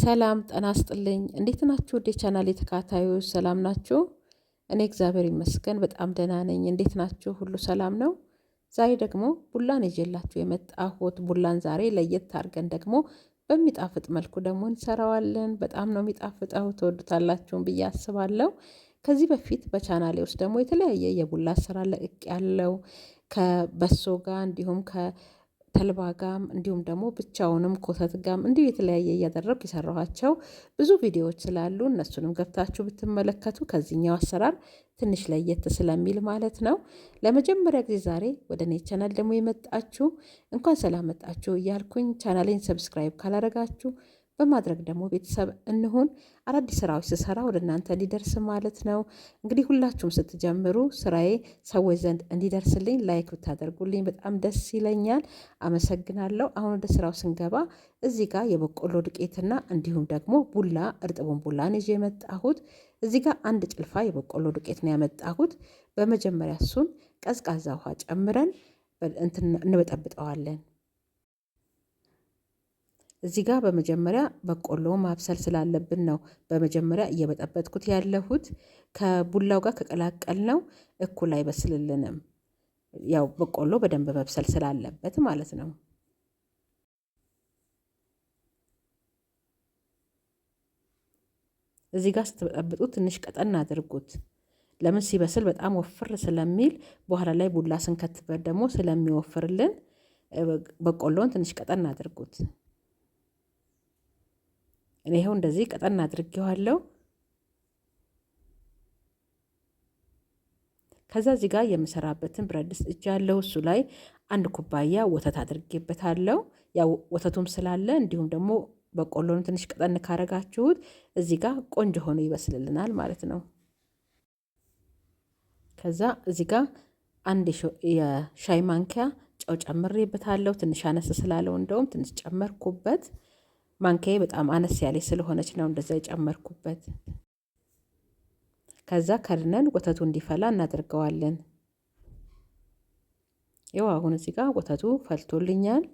ሰላም ጠና ስጥልኝ። እንዴት ናችሁ? ወደ ቻናል የተካታዩ ሰላም ናችሁ? እኔ እግዚአብሔር ይመስገን በጣም ደህና ነኝ። እንዴት ናችሁ? ሁሉ ሰላም ነው? ዛሬ ደግሞ ቡላን ይዤላችሁ የመጣሁት ቡላን ዛሬ ለየት አድርገን ደግሞ በሚጣፍጥ መልኩ ደግሞ እንሰራዋለን። በጣም ነው የሚጣፍጠው፣ ትወዱታላችሁን ብዬ አስባለሁ። ከዚህ በፊት በቻናሌ ውስጥ ደግሞ የተለያየ የቡላ አሰራር ያለው ከበሶ ጋር እንዲሁም ተልባ ጋም እንዲሁም ደግሞ ብቻውንም ኮተት ጋም እንዲሁ የተለያየ እያደረግ የሰራኋቸው ብዙ ቪዲዮዎች ስላሉ እነሱንም ገብታችሁ ብትመለከቱ ከዚህኛው አሰራር ትንሽ ለየት ስለሚል ማለት ነው። ለመጀመሪያ ጊዜ ዛሬ ወደ እኔ ቻናል ደግሞ የመጣችሁ እንኳን ሰላም መጣችሁ እያልኩኝ ቻናሌን ሰብስክራይብ ካላረጋችሁ በማድረግ ደግሞ ቤተሰብ እንሆን። አዳዲስ ስራዎች ስሰራ ወደ እናንተ እንዲደርስ ማለት ነው። እንግዲህ ሁላችሁም ስትጀምሩ ስራዬ ሰዎች ዘንድ እንዲደርስልኝ ላይክ ብታደርጉልኝ በጣም ደስ ይለኛል። አመሰግናለሁ። አሁን ወደ ስራው ስንገባ እዚህ ጋር የበቆሎ ዱቄትና እንዲሁም ደግሞ ቡላ እርጥቡን ቡላን ይዤ የመጣሁት እዚህ ጋር አንድ ጭልፋ የበቆሎ ዱቄት ነው ያመጣሁት። በመጀመሪያ እሱን ቀዝቃዛ ውሃ ጨምረን እንበጠብጠዋለን። እዚህ ጋር በመጀመሪያ በቆሎ ማብሰል ስላለብን ነው በመጀመሪያ እየበጠበጥኩት ያለሁት ከቡላው ጋር ከቀላቀል ነው እኩል አይበስልልንም። ያው በቆሎ በደንብ መብሰል ስላለበት ማለት ነው። እዚህ ጋር ስትበጠብጡት ትንሽ ቀጠን አድርጉት። ለምን ሲበስል በጣም ወፍር ስለሚል በኋላ ላይ ቡላ ስንከትበት ደግሞ ስለሚወፍርልን በቆሎውን ትንሽ ቀጠን አድርጉት። እኔ ይኸው እንደዚህ ቀጠን አድርጌዋለሁ። ከዛ እዚህ ጋር የምሰራበትን ብረት ድስት እጅ ያለው እሱ ላይ አንድ ኩባያ ወተት አድርጌበታለሁ። ያው ወተቱም ስላለ እንዲሁም ደግሞ በቆሎን ትንሽ ቀጠን ካረጋችሁት እዚህ ጋር ቆንጆ ሆኖ ይበስልልናል ማለት ነው። ከዛ እዚህ ጋር አንድ የሻይ ማንኪያ ጨው ጨምሬበታለሁ። ትንሽ አነስ ስላለው እንደውም ትንሽ ጨመርኩበት። ማንካዬ በጣም አነስ ያለ ስለሆነች ነው እንደዛ የጨመርኩበት። ከዛ ከድነን ወተቱ እንዲፈላ እናደርገዋለን። ይኸው አሁን እዚህ ጋር ወተቱ ፈልቶልኛል።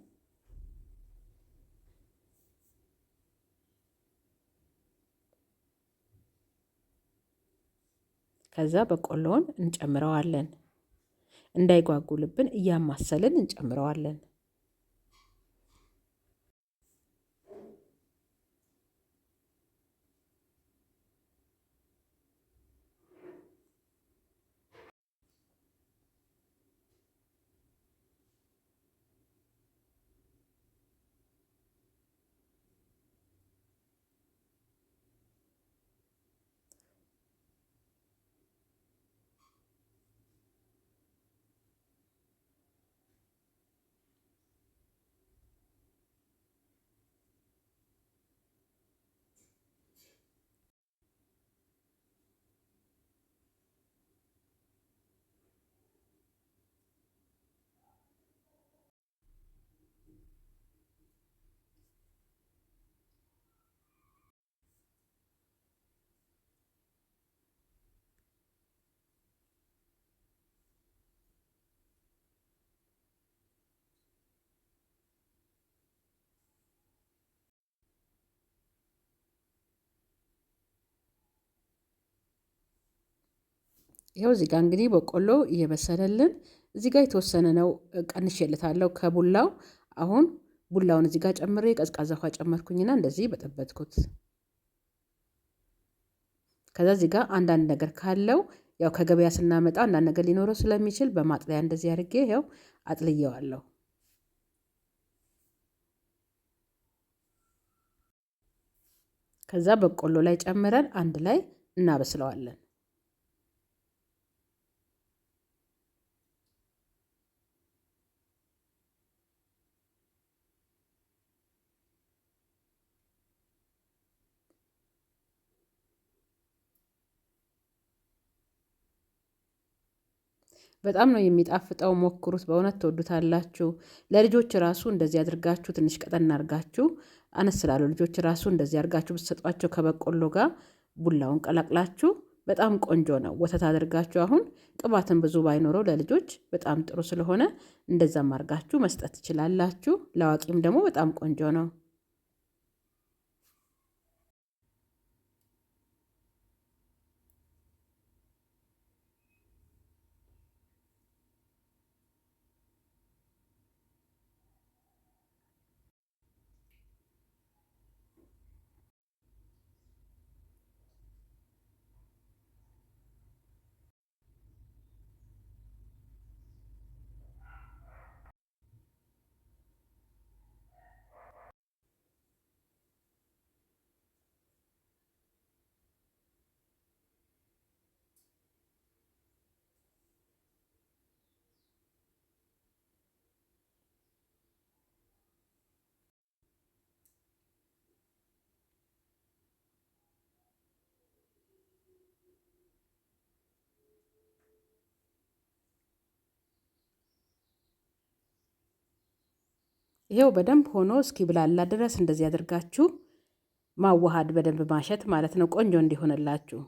ከዛ በቆሎውን እንጨምረዋለን። እንዳይጓጉልብን እያማሰልን እንጨምረዋለን። ይኸው እዚህ ጋር እንግዲህ በቆሎ እየበሰለልን እዚህ ጋር የተወሰነ ነው ቀንሼለታለሁ ከቡላው። አሁን ቡላውን እዚህ ጋር ጨምሬ ቀዝቃዛ ውሃ ጨመርኩኝና እንደዚህ በጠበጥኩት። ከዛ እዚህ ጋር አንዳንድ ነገር ካለው ያው ከገበያ ስናመጣ አንዳንድ ነገር ሊኖረው ስለሚችል በማጥለያ እንደዚህ አድርጌ ያው አጥልየዋለሁ። ከዛ በቆሎ ላይ ጨምረን አንድ ላይ እናበስለዋለን። በጣም ነው የሚጣፍጠው። ሞክሩት፣ በእውነት ትወዱታላችሁ። ለልጆች ራሱ እንደዚህ አድርጋችሁ ትንሽ ቀጠን አድርጋችሁ አነስ ልጆች ራሱ እንደዚህ አድርጋችሁ ብትሰጧቸው ከበቆሎ ጋር ቡላውን ቀላቅላችሁ በጣም ቆንጆ ነው። ወተት አድርጋችሁ አሁን ቅባትን ብዙ ባይኖረው ለልጆች በጣም ጥሩ ስለሆነ እንደዛም አድርጋችሁ መስጠት ትችላላችሁ። ለአዋቂም ደግሞ በጣም ቆንጆ ነው። ይሄው በደንብ ሆኖ እስኪ ብላላ ድረስ እንደዚህ አድርጋችሁ ማዋሃድ በደንብ ማሸት ማለት ነው። ቆንጆ እንዲሆንላችሁ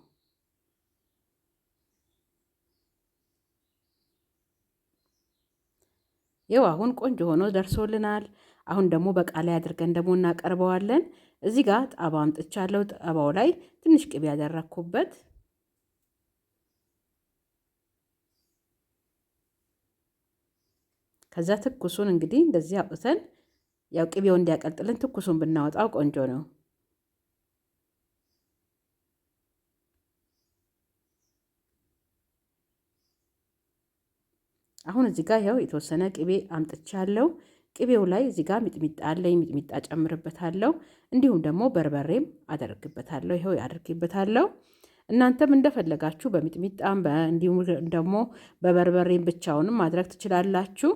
ይው አሁን ቆንጆ ሆኖ ደርሶልናል። አሁን ደግሞ በቃ ላይ አድርገን ደግሞ እናቀርበዋለን። እዚህ ጋር ጣባ አምጥቻለሁ። ጣባው ላይ ትንሽ ቅቤ ያደረኩበት ከዛ ትኩሱን እንግዲህ እንደዚህ አውጥተን ያው ቅቤው እንዲያቀልጥልን ትኩሱን ብናወጣው ቆንጆ ነው። አሁን እዚህ ጋር ይኸው የተወሰነ ቅቤ አምጥቻለሁ። ቅቤው ላይ እዚህ ጋር ሚጥሚጣ አለኝ። ሚጥሚጣ ጨምርበታለሁ። እንዲሁም ደግሞ በርበሬም አደርግበታለሁ። ይኸው ያደርግበታለሁ። እናንተም እንደፈለጋችሁ በሚጥሚጣም እንዲሁም ደግሞ በበርበሬም ብቻውንም ማድረግ ትችላላችሁ።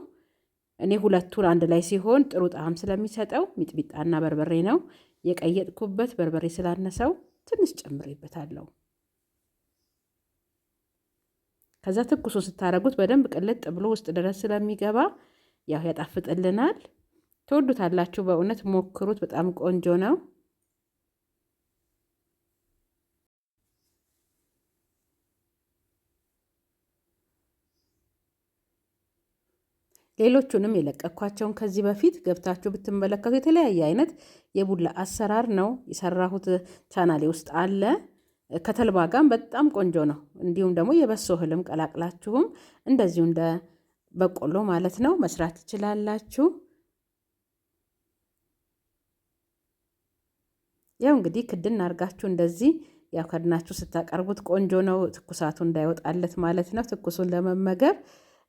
እኔ ሁለቱን አንድ ላይ ሲሆን ጥሩ ጣዕም ስለሚሰጠው ሚጥሚጣና በርበሬ ነው የቀየጥኩበት። በርበሬ ስላነሰው ትንሽ ጨምሬበታለሁ። ከዛ ትኩሱን ስታረጉት በደንብ ቅልጥ ብሎ ውስጥ ድረስ ስለሚገባ ያው ያጣፍጥልናል። ትወዱታላችሁ። በእውነት ሞክሩት። በጣም ቆንጆ ነው። ሌሎቹንም የለቀኳቸውን ከዚህ በፊት ገብታችሁ ብትመለከቱ የተለያየ አይነት የቡላ አሰራር ነው የሰራሁት ቻናሌ ውስጥ አለ። ከተልባ ጋም በጣም ቆንጆ ነው። እንዲሁም ደግሞ የበሶ እህልም ቀላቅላችሁም እንደዚሁ እንደ በቆሎ ማለት ነው መስራት ትችላላችሁ። ያው እንግዲህ ክድን አድርጋችሁ እንደዚህ ያው ከድናችሁ ስታቀርቡት ቆንጆ ነው። ትኩሳቱ እንዳይወጣለት ማለት ነው። ትኩሱን ለመመገብ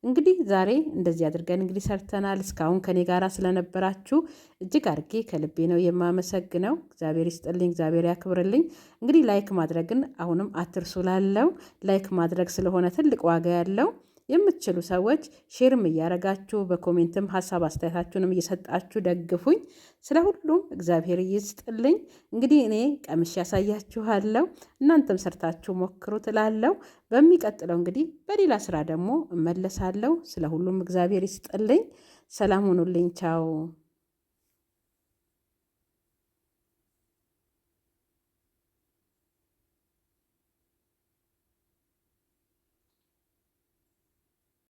እንግዲህ ዛሬ እንደዚህ አድርገን እንግዲህ ሰርተናል። እስካሁን ከኔ ጋር ስለነበራችሁ እጅግ አድርጌ ከልቤ ነው የማመሰግነው። እግዚአብሔር ይስጥልኝ፣ እግዚአብሔር ያክብርልኝ። እንግዲህ ላይክ ማድረግን አሁንም አትርሱ። ላለው ላይክ ማድረግ ስለሆነ ትልቅ ዋጋ ያለው የምትችሉ ሰዎች ሼርም እያረጋችሁ በኮሜንትም ሀሳብ አስተያየታችሁንም እየሰጣችሁ ደግፉኝ። ስለ ሁሉም እግዚአብሔር ይስጥልኝ። እንግዲህ እኔ ቀምሽ ያሳያችኋለሁ፣ እናንተም ሰርታችሁ ሞክሩ ትላለው። በሚቀጥለው እንግዲህ በሌላ ስራ ደግሞ እመለሳለሁ። ስለ ሁሉም እግዚአብሔር ይስጥልኝ። ሰላም ሁኑልኝ። ቻው